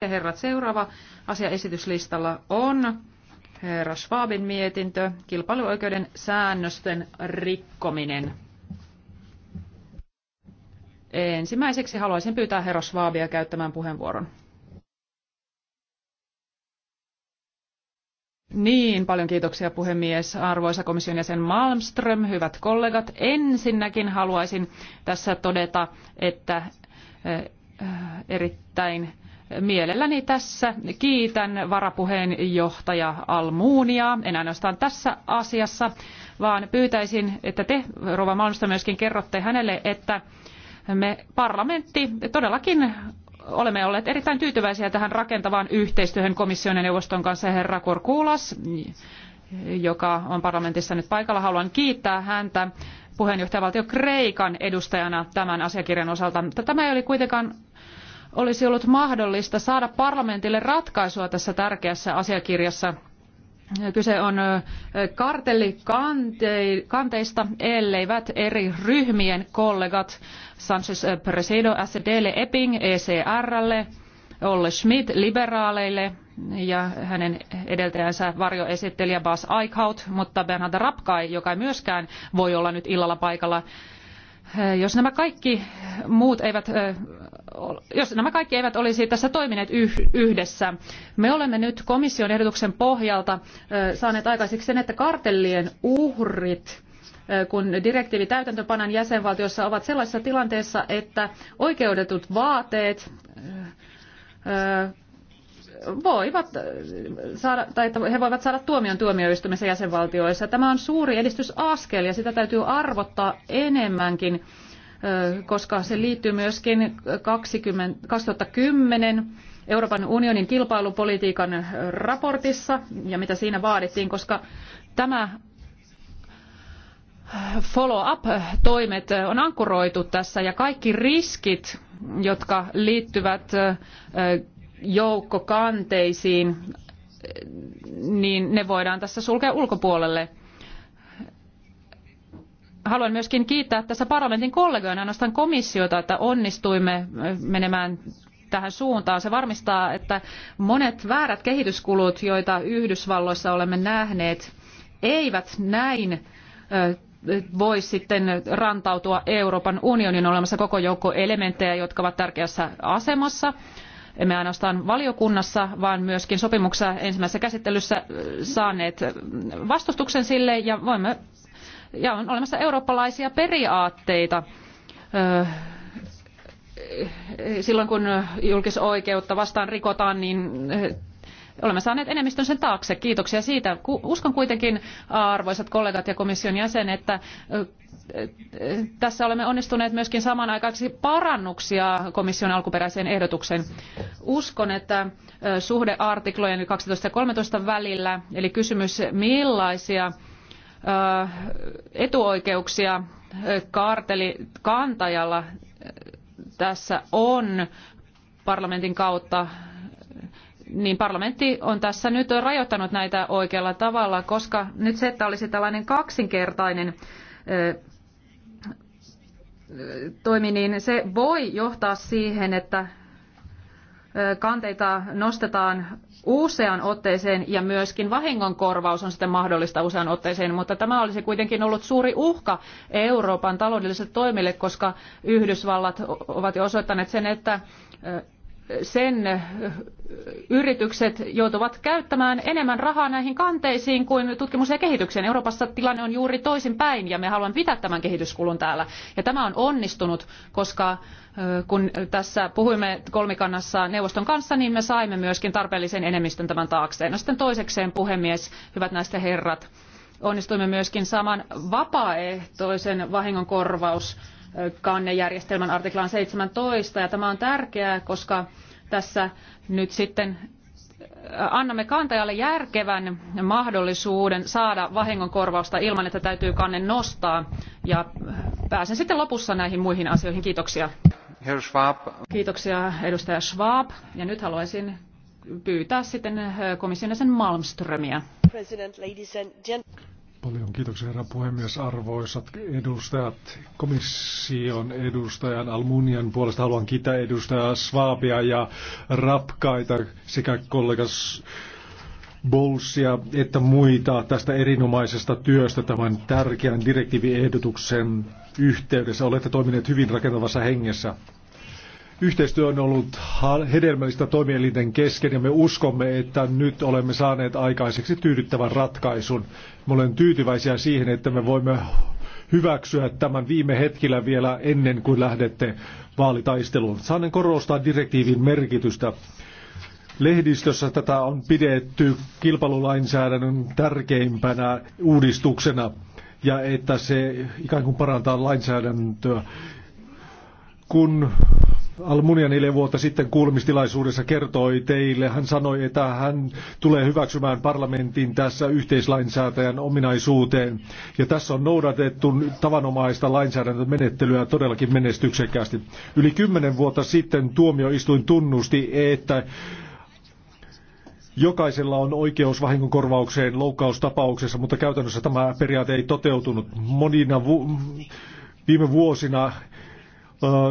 Ja herrat, seuraava asia esityslistalla on herra Schwabin mietintö, kilpailuoikeuden säännösten rikkominen. Ensimmäiseksi haluaisin pyytää herra Schwabia käyttämään puheenvuoron. Niin, paljon kiitoksia puhemies. Arvoisa komission jäsen Malmström, hyvät kollegat. Ensinnäkin haluaisin tässä todeta, että eh, eh, erittäin Mielelläni tässä kiitän varapuheenjohtaja Almunia, en ainoastaan tässä asiassa, vaan pyytäisin, että te, Rova Malmström, myöskin kerrotte hänelle, että me parlamentti todellakin olemme olleet erittäin tyytyväisiä tähän rakentavaan yhteistyöhön komission ja neuvoston kanssa herra Korkulas, joka on parlamentissa nyt paikalla. Haluan kiittää häntä puheenjohtajavaltio Kreikan edustajana tämän asiakirjan osalta. Tämä ei ole kuitenkaan olisi ollut mahdollista saada parlamentille ratkaisua tässä tärkeässä asiakirjassa. Kyse on kartellikanteista, elleivät eri ryhmien kollegat Sanchez Presedo SDlle, Epping ECRlle, Olle Schmidt liberaaleille ja hänen edeltäjänsä varjoesittelijä Bas Eichhout, mutta Bernhard Rapkai, joka ei myöskään voi olla nyt illalla paikalla. Jos nämä kaikki muut eivät jos nämä kaikki eivät olisi tässä toimineet yhdessä. Me olemme nyt komission ehdotuksen pohjalta saaneet aikaiseksi sen, että kartellien uhrit kun direktiivi täytäntöpanan jäsenvaltiossa ovat sellaisessa tilanteessa, että oikeudetut vaateet voivat saada, tai että he voivat saada tuomion tuomioistuimessa jäsenvaltioissa. Tämä on suuri edistysaskel ja sitä täytyy arvottaa enemmänkin koska se liittyy myöskin 20, 2010 Euroopan unionin kilpailupolitiikan raportissa ja mitä siinä vaadittiin, koska tämä follow-up-toimet on ankkuroitu tässä ja kaikki riskit, jotka liittyvät joukkokanteisiin, niin ne voidaan tässä sulkea ulkopuolelle – haluan myöskin kiittää tässä parlamentin kollegoina ainoastaan komissiota, että onnistuimme äh, menemään tähän suuntaan. Se varmistaa, että monet väärät kehityskulut, joita Yhdysvalloissa olemme nähneet, eivät näin äh, voi sitten rantautua Euroopan unionin olemassa koko joukko elementtejä, jotka ovat tärkeässä asemassa. Emme ainoastaan valiokunnassa, vaan myöskin sopimuksessa ensimmäisessä käsittelyssä saaneet vastustuksen sille ja voimme ja on olemassa eurooppalaisia periaatteita silloin kun julkisoikeutta vastaan rikotaan, niin olemme saaneet enemmistön sen taakse. Kiitoksia siitä. Uskon kuitenkin, arvoisat kollegat ja komission jäsen, että tässä olemme onnistuneet myöskin samanaikaisesti parannuksia komission alkuperäiseen ehdotukseen. Uskon, että suhde artiklojen 12 ja 13 välillä, eli kysymys millaisia etuoikeuksia kaartelikantajalla tässä on parlamentin kautta, niin parlamentti on tässä nyt rajoittanut näitä oikealla tavalla, koska nyt se, että olisi tällainen kaksinkertainen toimi, niin se voi johtaa siihen, että kanteita nostetaan useaan otteeseen ja myöskin vahingonkorvaus on sitten mahdollista useaan otteeseen, mutta tämä olisi kuitenkin ollut suuri uhka Euroopan taloudellisille toimille, koska Yhdysvallat ovat jo osoittaneet sen, että sen yritykset joutuvat käyttämään enemmän rahaa näihin kanteisiin kuin tutkimus- ja kehitykseen. Euroopassa tilanne on juuri toisinpäin ja me haluamme pitää tämän kehityskulun täällä. Ja tämä on onnistunut, koska kun tässä puhuimme kolmikannassa neuvoston kanssa, niin me saimme myöskin tarpeellisen enemmistön tämän taakseen. No sitten toisekseen, puhemies, hyvät naiset herrat, onnistuimme myöskin saamaan vapaaehtoisen vahingonkorvaus kannejärjestelmän artiklaan 17. Ja tämä on tärkeää, koska tässä nyt sitten äh, annamme kantajalle järkevän mahdollisuuden saada vahingonkorvausta ilman, että täytyy kanne nostaa. Ja äh, pääsen sitten lopussa näihin muihin asioihin. Kiitoksia. Herr Schwab. Kiitoksia edustaja Schwab. Ja nyt haluaisin pyytää sitten äh, komission jäsen Malmströmiä. Paljon kiitoksia herra puhemies, arvoisat edustajat. Komission edustajan Almunian puolesta haluan kiittää edustajaa Svaapia ja Rapkaita sekä kollegas Bolsia että muita tästä erinomaisesta työstä tämän tärkeän direktiiviehdotuksen yhteydessä. Olette toimineet hyvin rakentavassa hengessä. Yhteistyö on ollut hedelmällistä toimielinten kesken ja me uskomme, että nyt olemme saaneet aikaiseksi tyydyttävän ratkaisun. Me olen tyytyväisiä siihen, että me voimme hyväksyä tämän viime hetkellä vielä ennen kuin lähdette vaalitaisteluun. Saanen korostaa direktiivin merkitystä. Lehdistössä tätä on pidetty kilpailulainsäädännön tärkeimpänä uudistuksena ja että se ikään kuin parantaa lainsäädäntöä. Kun Almunia neljä vuotta sitten kuulemistilaisuudessa kertoi teille. Hän sanoi, että hän tulee hyväksymään parlamentin tässä yhteislainsäätäjän ominaisuuteen. Ja tässä on noudatettu tavanomaista lainsäädäntömenettelyä todellakin menestyksekkäästi. Yli kymmenen vuotta sitten tuomioistuin tunnusti, että Jokaisella on oikeus vahingonkorvaukseen loukkaustapauksessa, mutta käytännössä tämä periaate ei toteutunut. Monina vu- viime vuosina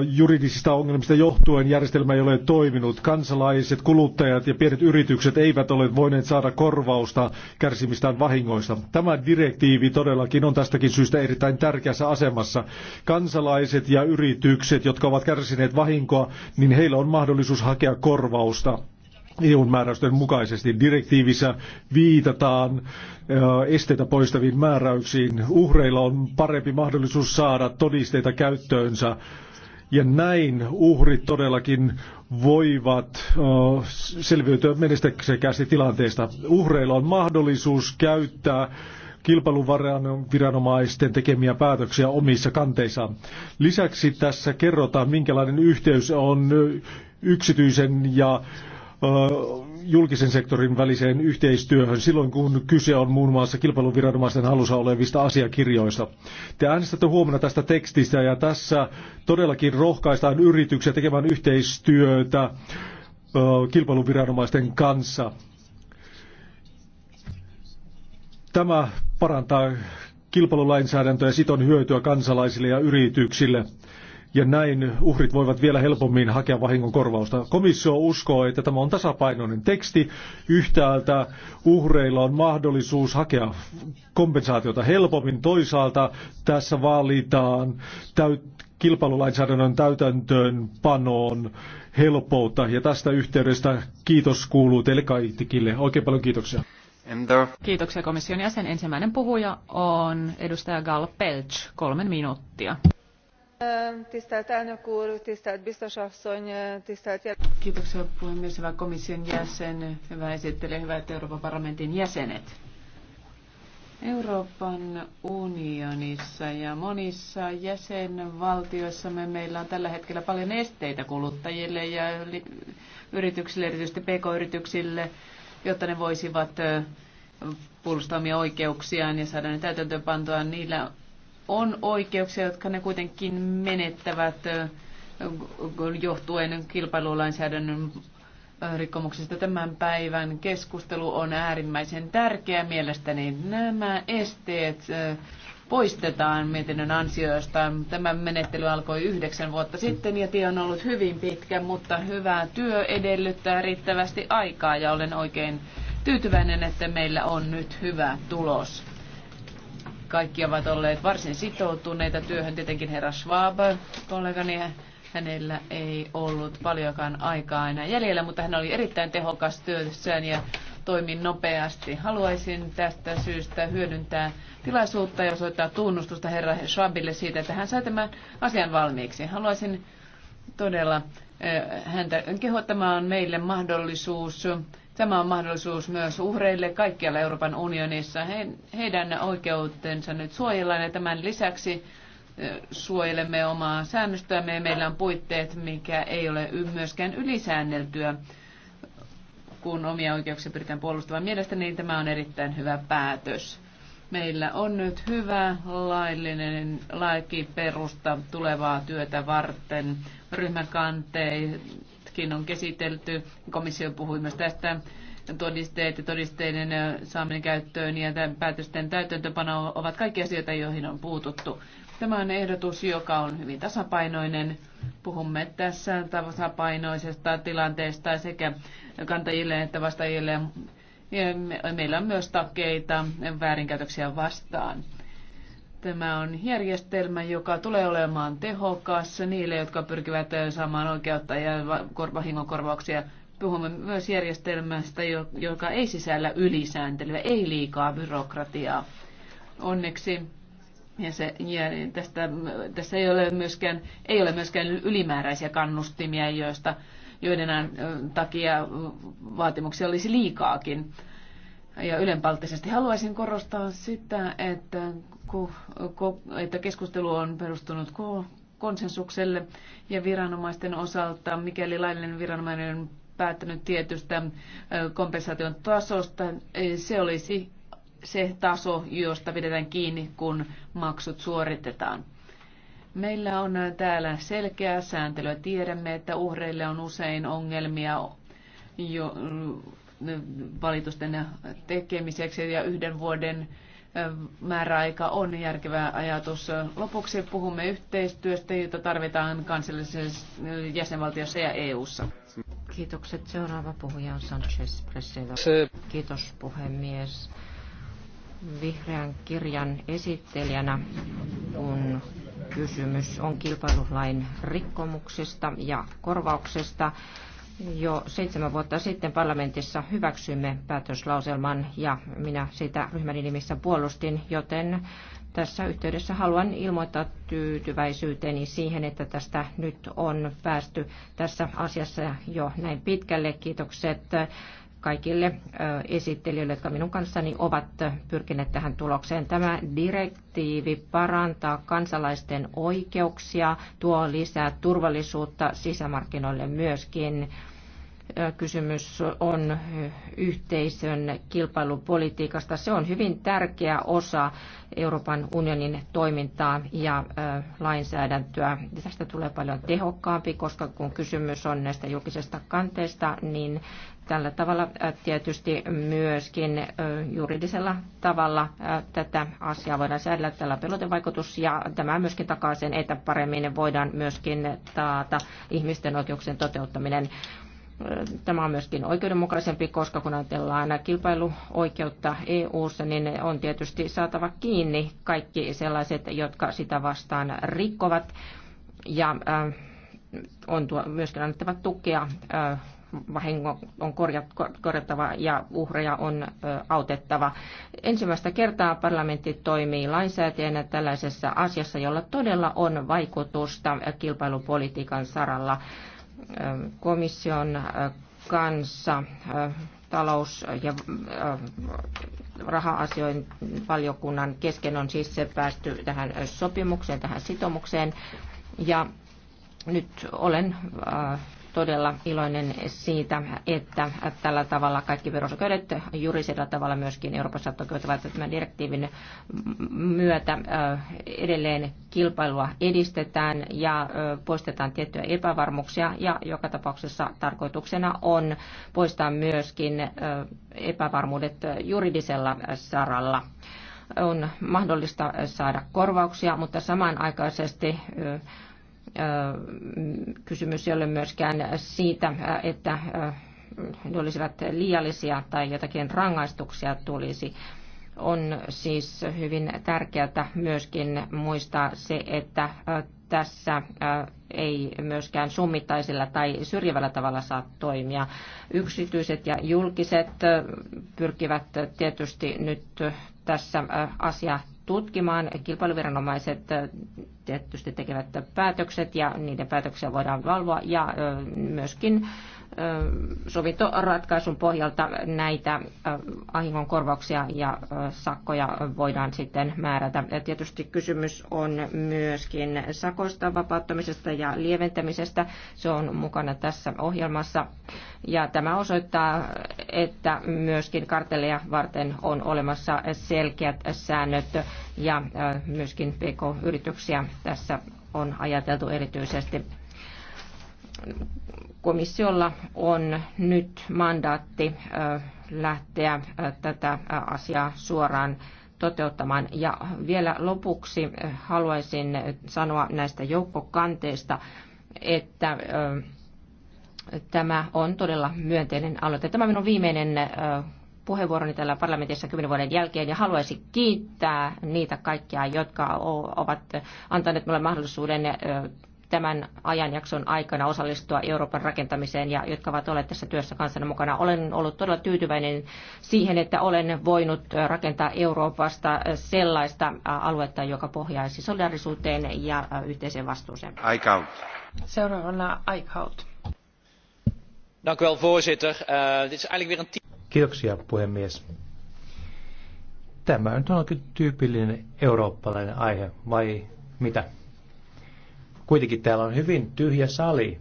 juridisista ongelmista johtuen järjestelmä ei ole toiminut. Kansalaiset, kuluttajat ja pienet yritykset eivät ole voineet saada korvausta kärsimistään vahingoista. Tämä direktiivi todellakin on tästäkin syystä erittäin tärkeässä asemassa. Kansalaiset ja yritykset, jotka ovat kärsineet vahinkoa, niin heillä on mahdollisuus hakea korvausta. EU-määräysten mukaisesti. Direktiivissä viitataan esteitä poistaviin määräyksiin. Uhreilla on parempi mahdollisuus saada todisteita käyttöönsä. Ja näin uhrit todellakin voivat selviytyä menestyksekkäästi tilanteesta. Uhreilla on mahdollisuus käyttää kilpailuviranomaisten tekemiä päätöksiä omissa kanteissaan. Lisäksi tässä kerrotaan, minkälainen yhteys on yksityisen ja julkisen sektorin väliseen yhteistyöhön silloin, kun kyse on muun muassa kilpailuviranomaisten halussa olevista asiakirjoista. Te äänestätte huomenna tästä tekstistä ja tässä todellakin rohkaistaan yrityksiä tekemään yhteistyötä kilpailuviranomaisten kanssa. Tämä parantaa kilpailulainsäädäntöä ja siton hyötyä kansalaisille ja yrityksille ja näin uhrit voivat vielä helpommin hakea vahingon korvausta. Komissio uskoo, että tämä on tasapainoinen teksti. Yhtäältä uhreilla on mahdollisuus hakea kompensaatiota helpommin, toisaalta tässä vaalitaan täyt- kilpailulainsäädännön täytäntöön panoon helpoutta Ja tästä yhteydestä kiitos kuuluu teille kaikille. Oikein paljon kiitoksia. Kiitoksia komission jäsen. Ensimmäinen puhuja on edustaja Gal Pelch, kolmen minuuttia tisztelt elnök úr tisztelt biztos asszony tisztelt jelentéstevő! hyvä komission jäsen hyvä esittelijä hyvät euroopan parlamentin jäsenet. euroopan unionissa ja monissa jäsenvaltioissamme meillä on tällä hetkellä paljon esteitä kuluttajille ja yrityksille erityisesti pk yrityksille jotta ne voisivat puolustaa omia oikeuksiaan ja saada ne pantua niillä on oikeuksia, jotka ne kuitenkin menettävät johtuen kilpailulainsäädännön rikkomuksesta. Tämän päivän keskustelu on äärimmäisen tärkeä. Mielestäni nämä esteet poistetaan mietinnön ansioista. Tämä menettely alkoi yhdeksän vuotta sitten ja tie on ollut hyvin pitkä, mutta hyvä työ edellyttää riittävästi aikaa ja olen oikein tyytyväinen, että meillä on nyt hyvä tulos. Kaikki ovat olleet varsin sitoutuneita työhön. Tietenkin herra Schwab, kollegani, hänellä ei ollut paljonkaan aikaa enää jäljellä, mutta hän oli erittäin tehokas työssään ja toimi nopeasti. Haluaisin tästä syystä hyödyntää tilaisuutta ja osoittaa tunnustusta herra Schwabille siitä, että hän sai tämän asian valmiiksi. Haluaisin todella eh, häntä kehottamaan meille mahdollisuus Tämä on mahdollisuus myös uhreille kaikkialla Euroopan unionissa. He, heidän oikeutensa nyt suojellaan ja tämän lisäksi eh, suojelemme omaa säännöstöämme ja meillä on puitteet, mikä ei ole myöskään ylisäänneltyä, kun omia oikeuksia pyritään puolustamaan. Mielestäni niin tämä on erittäin hyvä päätös. Meillä on nyt hyvä laillinen perusta tulevaa työtä varten. Ryhmäkanteet tätäkin on käsitelty. Komissio puhui myös tästä todisteet ja todisteiden saaminen käyttöön ja päätösten täytäntöpano ovat kaikki asioita, joihin on puututtu. Tämä on ehdotus, joka on hyvin tasapainoinen. Puhumme tässä tasapainoisesta tilanteesta sekä kantajille että vastaajille. Meillä on myös takeita väärinkäytöksiä vastaan. Tämä on järjestelmä, joka tulee olemaan tehokas niille, jotka pyrkivät saamaan oikeutta ja vahingonkorvauksia. Puhumme myös järjestelmästä, joka ei sisällä ylisääntelyä, ei liikaa byrokratiaa. Onneksi ja se, ja tästä, tässä ei ole myöskään, ei ole myöskään ylimääräisiä kannustimia, joista, joiden takia vaatimuksia olisi liikaakin. Ja ylenpalttisesti haluaisin korostaa sitä, että että keskustelu on perustunut konsensukselle ja viranomaisten osalta, mikäli laillinen viranomainen on päättänyt tietystä kompensaation tasosta, se olisi se taso, josta pidetään kiinni, kun maksut suoritetaan. Meillä on täällä selkeää sääntelyä. Tiedämme, että uhreille on usein ongelmia jo valitusten tekemiseksi ja yhden vuoden määräaika on järkevä ajatus. Lopuksi puhumme yhteistyöstä, jota tarvitaan kansallisessa jäsenvaltiossa ja EU:ssa. Kiitokset. Seuraava puhuja on Sanchez Preseda. Kiitos puhemies. Vihreän kirjan esittelijänä, kun kysymys on kilpailulain rikkomuksesta ja korvauksesta, jo seitsemän vuotta sitten parlamentissa hyväksymme päätöslauselman ja minä sitä ryhmäni nimissä puolustin, joten tässä yhteydessä haluan ilmoittaa tyytyväisyyteni siihen, että tästä nyt on päästy tässä asiassa jo näin pitkälle. Kiitokset kaikille esittelijöille, jotka minun kanssani ovat pyrkineet tähän tulokseen. Tämä direktiivi parantaa kansalaisten oikeuksia, tuo lisää turvallisuutta sisämarkkinoille myöskin kysymys on yhteisön kilpailupolitiikasta. Se on hyvin tärkeä osa Euroopan unionin toimintaa ja lainsäädäntöä. Tästä tulee paljon tehokkaampi, koska kun kysymys on näistä julkisesta kanteesta, niin Tällä tavalla tietysti myöskin juridisella tavalla tätä asiaa voidaan säädellä tällä pelotevaikutus ja tämä myöskin takaa sen, että paremmin voidaan myöskin taata ihmisten oikeuksien toteuttaminen Tämä on myöskin oikeudenmukaisempi, koska kun ajatellaan kilpailuoikeutta EU-ssa, niin on tietysti saatava kiinni kaikki sellaiset, jotka sitä vastaan rikkovat. Ja on myöskin annettava tukea vahingo on korjattava ja uhreja on autettava. Ensimmäistä kertaa parlamentti toimii lainsäätäjänä tällaisessa asiassa, jolla todella on vaikutusta kilpailupolitiikan saralla komission kanssa talous- ja raha-asioiden valiokunnan kesken on siis päästy tähän sopimukseen, tähän sitomukseen Ja nyt olen todella iloinen siitä, että tällä tavalla kaikki verosoikeudet juridisella tavalla myöskin Euroopassa toteutuvat tämän direktiivin myötä äh, edelleen kilpailua edistetään ja äh, poistetaan tiettyjä epävarmuuksia ja joka tapauksessa tarkoituksena on poistaa myöskin äh, epävarmuudet juridisella saralla on mahdollista saada korvauksia, mutta samanaikaisesti Äh, kysymys ei ole myöskään siitä, äh, että äh, ne olisivat liiallisia tai jotakin rangaistuksia tulisi on siis hyvin tärkeää myöskin muistaa se, että tässä ei myöskään summittaisilla tai syrjivällä tavalla saa toimia. Yksityiset ja julkiset pyrkivät tietysti nyt tässä asia tutkimaan. Kilpailuviranomaiset tietysti tekevät päätökset ja niiden päätöksiä voidaan valvoa ja myöskin sovintoratkaisun pohjalta näitä korvauksia ja sakkoja voidaan sitten määrätä. Ja tietysti kysymys on myöskin sakoista, vapauttamisesta ja lieventämisestä. Se on mukana tässä ohjelmassa. Ja tämä osoittaa, että myöskin kartelleja varten on olemassa selkeät säännöt ja myöskin PK-yrityksiä tässä on ajateltu erityisesti komissiolla on nyt mandaatti lähteä tätä asiaa suoraan toteuttamaan. Ja vielä lopuksi haluaisin sanoa näistä joukkokanteista, että tämä on todella myönteinen aloite. Tämä on minun viimeinen puheenvuoroni täällä parlamentissa kymmenen vuoden jälkeen ja haluaisin kiittää niitä kaikkia, jotka ovat antaneet minulle mahdollisuuden tämän ajanjakson aikana osallistua Euroopan rakentamiseen ja jotka ovat olleet tässä työssä kansana mukana. Olen ollut todella tyytyväinen siihen, että olen voinut rakentaa Euroopasta sellaista aluetta, joka pohjaisi solidarisuuteen ja yhteiseen vastuuseen. Aikaut. Seuraavana Aikaut. Dank u wel, voorzitter. Uh, dit is eigenlijk weer een Kiitoksia, puhemies. Tämä nyt on tyypillinen eurooppalainen aihe, vai mitä? Kuitenkin täällä on hyvin tyhjä sali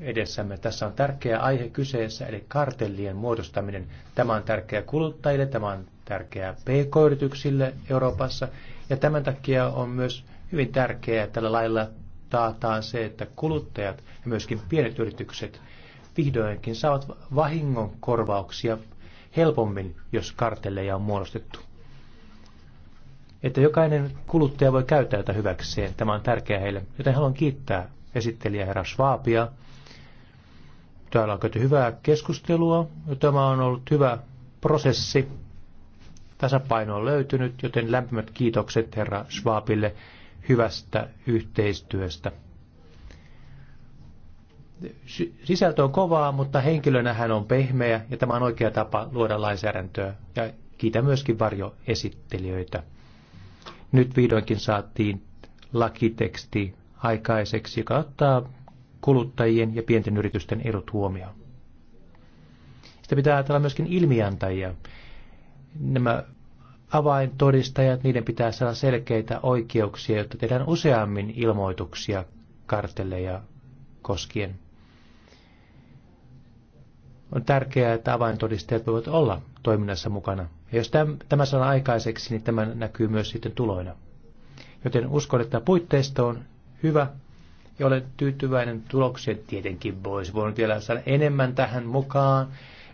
edessämme. Tässä on tärkeä aihe kyseessä, eli kartellien muodostaminen. Tämä on tärkeä kuluttajille, tämä on tärkeää pk-yrityksille Euroopassa, ja tämän takia on myös hyvin tärkeää, että tällä lailla taataan se, että kuluttajat ja myöskin pienet yritykset vihdoinkin saavat vahingonkorvauksia helpommin, jos kartelleja on muodostettu. Että jokainen kuluttaja voi käyttää tätä hyväkseen, tämä on tärkeää heille. Joten haluan kiittää esittelijä herra Schwabia. Täällä on käyty hyvää keskustelua, tämä on ollut hyvä prosessi. Tasapaino on löytynyt, joten lämpimät kiitokset herra Schwabille hyvästä yhteistyöstä sisältö on kovaa, mutta henkilönä hän on pehmeä ja tämä on oikea tapa luoda lainsäädäntöä. Ja kiitän myöskin varjoesittelijöitä. Nyt vihdoinkin saatiin lakiteksti aikaiseksi, joka ottaa kuluttajien ja pienten yritysten edut huomioon. Sitten pitää ajatella myöskin ilmiantajia. Nämä avaintodistajat, niiden pitää saada selkeitä oikeuksia, jotta tehdään useammin ilmoituksia kartelleja koskien on tärkeää, että avaintodisteet voivat olla toiminnassa mukana. Ja jos tämä saadaan aikaiseksi, niin tämä näkyy myös sitten tuloina. Joten uskon, että puitteisto on hyvä ja olen tyytyväinen tulokseen. Tietenkin voisi voinut vielä saada enemmän tähän mukaan,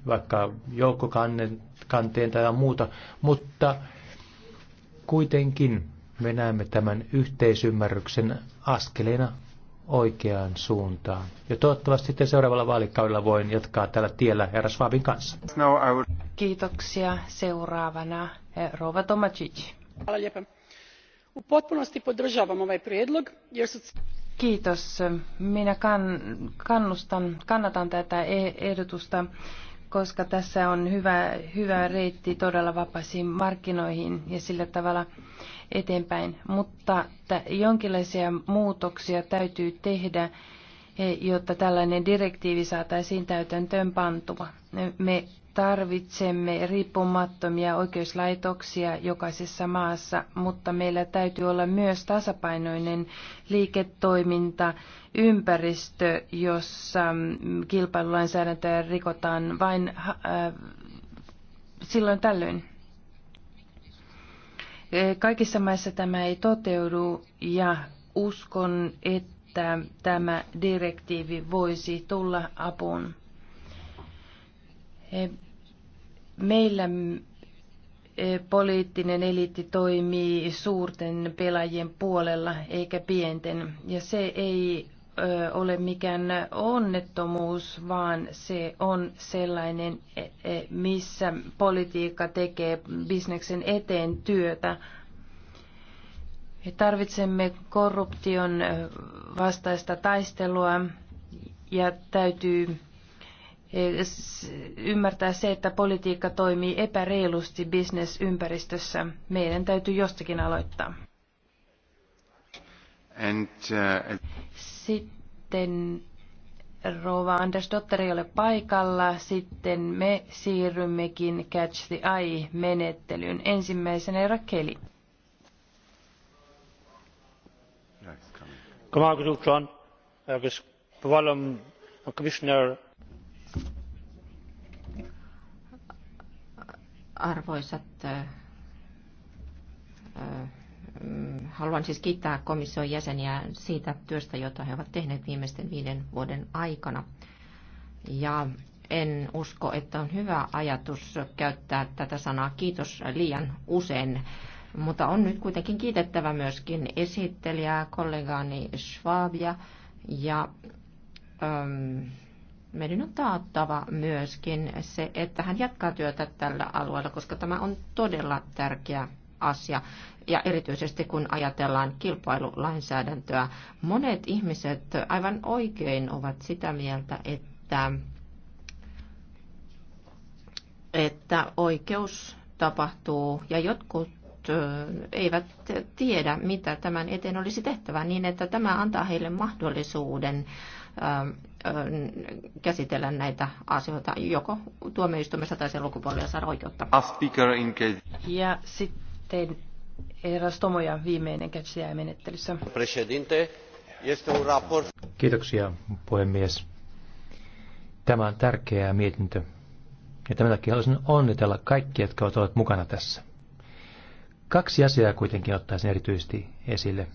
vaikka joukkokanteen tai muuta, mutta kuitenkin me näemme tämän yhteisymmärryksen askeleena oikeaan suuntaan. Ja toivottavasti sitten seuraavalla vaalikaudella voin jatkaa tällä tiellä herra Schwabin kanssa. No, would... Kiitoksia. Seuraavana eh, Rova Tomacic. Kiitos. Minä kann, kannustan, kannatan tätä e, ehdotusta, koska tässä on hyvä, hyvä reitti todella vapaisiin markkinoihin ja sillä tavalla eteenpäin, mutta että jonkinlaisia muutoksia täytyy tehdä, e, jotta tällainen direktiivi saataisiin täytäntöön pantua. Me tarvitsemme riippumattomia oikeuslaitoksia jokaisessa maassa, mutta meillä täytyy olla myös tasapainoinen liiketoiminta, ympäristö, jossa mm, kilpailulainsäädäntöä rikotaan vain äh, silloin tällöin. Eh, kaikissa maissa tämä ei toteudu ja uskon, että tämä direktiivi voisi tulla apuun. Eh, meillä eh, poliittinen eliitti toimii suurten pelaajien puolella eikä pienten, ja se ei ole mikään onnettomuus, vaan se on sellainen, e, e, missä politiikka tekee bisneksen eteen työtä. Me tarvitsemme korruption vastaista taistelua ja täytyy e, ymmärtää se, että politiikka toimii epäreilusti bisnesympäristössä. Meidän täytyy jostakin aloittaa. And, uh, Sitten rouva Anders Dotter ei ole paikalla. Sitten me siirrymmekin Catch the Eye-menettelyyn. Ensimmäisenä Rakeli. Arvoisat äh, äh Haluan siis kiittää komission jäseniä siitä työstä, jota he ovat tehneet viimeisten viiden vuoden aikana. Ja en usko, että on hyvä ajatus käyttää tätä sanaa kiitos liian usein. Mutta on nyt kuitenkin kiitettävä myöskin esittelijää, kollegaani Schwabia ja äm, meidän on taattava myöskin se, että hän jatkaa työtä tällä alueella, koska tämä on todella tärkeä asia. Ja erityisesti kun ajatellaan kilpailulainsäädäntöä, monet ihmiset aivan oikein ovat sitä mieltä, että, että oikeus tapahtuu ja jotkut eivät tiedä, mitä tämän eteen olisi tehtävä, niin että tämä antaa heille mahdollisuuden käsitellä näitä asioita joko tuomioistuimessa tai sen lukupuolella saada oikeutta. Ja sitten Tein eräs Tomoja viimeinen menettelyssä. Kiitoksia, puhemies. Tämä on tärkeä mietintö. Ja tämän takia haluaisin onnitella kaikki, jotka ovat olleet mukana tässä. Kaksi asiaa kuitenkin ottaisin erityisesti esille.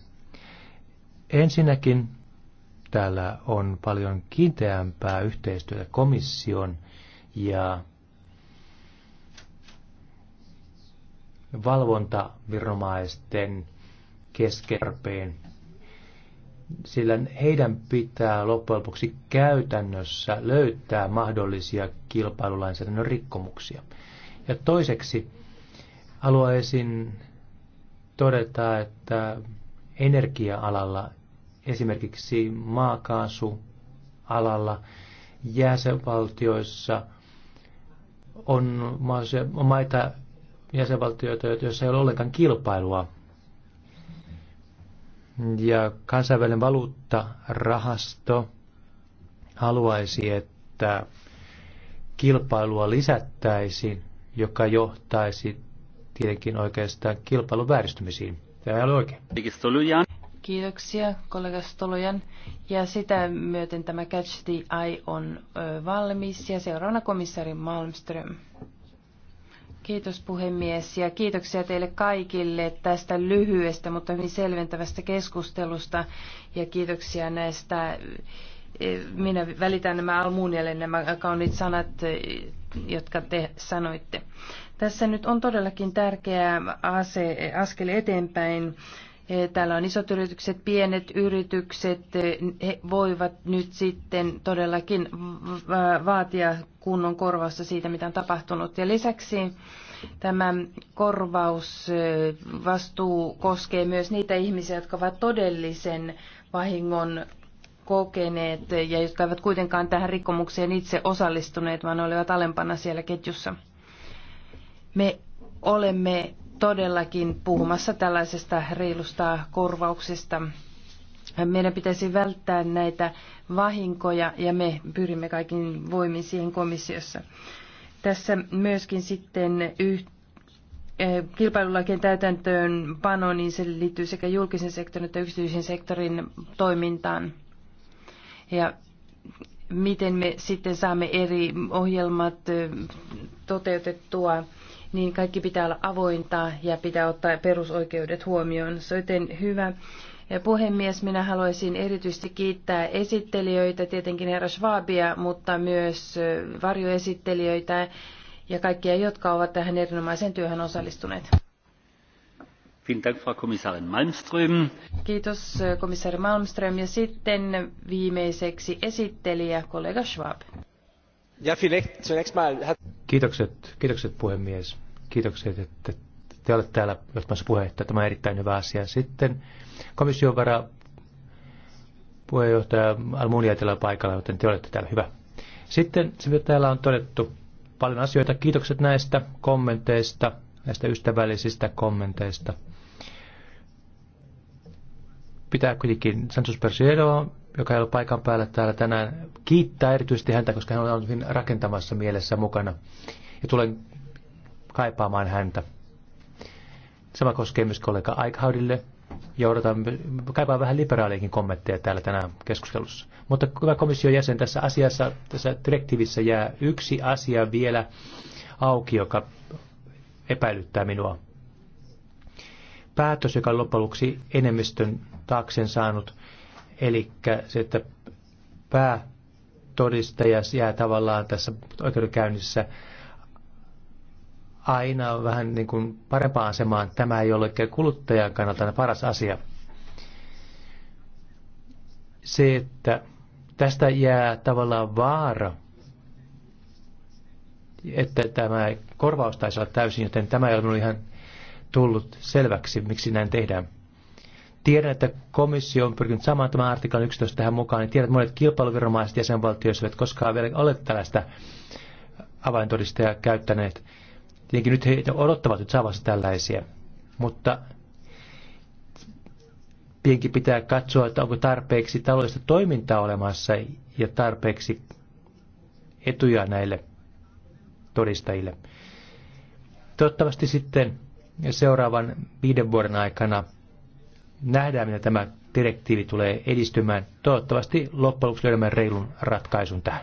Ensinnäkin täällä on paljon kiinteämpää yhteistyötä komission ja valvontaviranomaisten keskerpeen, sillä heidän pitää loppujen lopuksi käytännössä löytää mahdollisia kilpailulainsäädännön rikkomuksia. Ja toiseksi haluaisin todeta, että energia-alalla, esimerkiksi maakaasualalla, jäsenvaltioissa on maita, jäsenvaltioita, joissa ei ole ollenkaan kilpailua. Ja kansainvälinen valuuttarahasto haluaisi, että kilpailua lisättäisiin, joka johtaisi tietenkin oikeastaan kilpailun vääristymisiin. Tämä ei ole oikein. Kiitoksia kollega Stolojan. Ja sitä myöten tämä Catch the Eye on valmis ja seuraavana komissaari Malmström. Kiitos puhemies ja kiitoksia teille kaikille tästä lyhyestä, mutta hyvin selventävästä keskustelusta ja kiitoksia näistä. E, minä välitän nämä Almunialle nämä kauniit sanat, e, jotka te sanoitte. Tässä nyt on todellakin tärkeä ase, askel eteenpäin Eh, täällä on isot yritykset, pienet yritykset, eh, he voivat nyt sitten todellakin vaatia kunnon korvausta siitä, mitä on tapahtunut. Ja lisäksi tämä korvausvastuu eh, koskee myös niitä ihmisiä, jotka ovat todellisen vahingon kokeneet ja jotka eivät kuitenkaan tähän rikkomukseen itse osallistuneet, vaan olivat alempana siellä ketjussa. Me olemme todellakin puhumassa tällaisesta reilusta korvauksesta. Meidän pitäisi välttää näitä vahinkoja ja me pyrimme kaikin voimin siihen komissiossa. Tässä myöskin sitten yh, eh, kilpailulakien pano, niin se liittyy sekä julkisen sektorin että yksityisen sektorin toimintaan. Ja miten me sitten saamme eri ohjelmat eh, toteutettua niin kaikki pitää olla avointa ja pitää ottaa perusoikeudet huomioon. on hyvä puhemies, minä haluaisin erityisesti kiittää esittelijöitä, tietenkin herra Schwabia, mutta myös varjoesittelijöitä ja kaikkia, jotka ovat tähän erinomaiseen työhön osallistuneet. Kiitos komissaari Malmström ja sitten viimeiseksi esittelijä kollega Schwab. Kiitokset, kiitokset puhemies. Kiitokset, että te olette täällä johtamassa puheenjohtaja. Tämä on erittäin hyvä asia. Sitten komission vara puheenjohtaja Almunia teillä paikalla, joten te olette täällä hyvä. Sitten se, mitä täällä on todettu, paljon asioita. Kiitokset näistä kommenteista, näistä ystävällisistä kommenteista. Pitää kuitenkin Santos Persiedo joka ei ollut paikan päällä täällä tänään, kiittää erityisesti häntä, koska hän on ollut hyvin rakentamassa mielessä mukana. Ja tulen kaipaamaan häntä. Sama koskee myös kollega Aikhaudille. Ja odotan, kaipaan vähän liberaaliakin kommentteja täällä tänään keskustelussa. Mutta hyvä komission jäsen, tässä asiassa, tässä direktiivissä jää yksi asia vielä auki, joka epäilyttää minua. Päätös, joka on loppujen enemmistön taakseen saanut, Eli se, että päätodistaja jää tavallaan tässä oikeudenkäynnissä aina vähän niin kuin parempaan asemaan. Tämä ei ole kuluttajan kannalta paras asia. Se, että tästä jää tavallaan vaara, että tämä korvaus taisi olla täysin, joten tämä ei ole ihan tullut selväksi, miksi näin tehdään. Tiedän, että komissio on pyrkinyt saamaan tämän artiklan 11 tähän mukaan, niin tiedän, että monet kilpailuviranomaiset jäsenvaltioissa eivät koskaan vielä ole tällaista avaintodistajaa käyttäneet. Tietenkin nyt he odottavat nyt saavansa tällaisia, mutta pienkin pitää katsoa, että onko tarpeeksi taloudellista toimintaa olemassa ja tarpeeksi etuja näille todistajille. Toivottavasti sitten seuraavan viiden vuoden aikana – nähdään, mitä tämä direktiivi tulee edistymään. Toivottavasti loppujen lopuksi löydämme reilun ratkaisun tähän.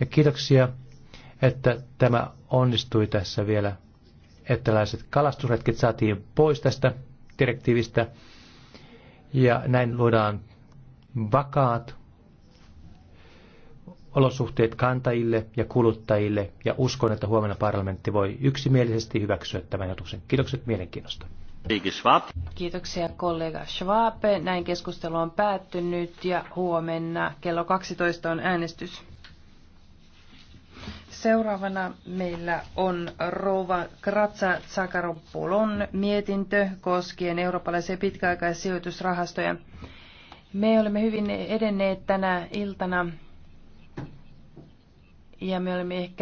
Ja kiitoksia, että tämä onnistui tässä vielä, että tällaiset kalastusretket saatiin pois tästä direktiivistä. Ja näin luodaan vakaat olosuhteet kantajille ja kuluttajille, ja uskon, että huomenna parlamentti voi yksimielisesti hyväksyä tämän ajatuksen. Kiitokset mielenkiinnosta. Kiitoksia kollega Schwab. Näin keskustelu on päättynyt ja huomenna kello 12 on äänestys. Seuraavana meillä on rouva Kratsa Tsakaropulon mietintö koskien eurooppalaisia pitkäaikaissijoitusrahastoja. Me olemme hyvin edenneet tänä iltana ja me olemme ehkä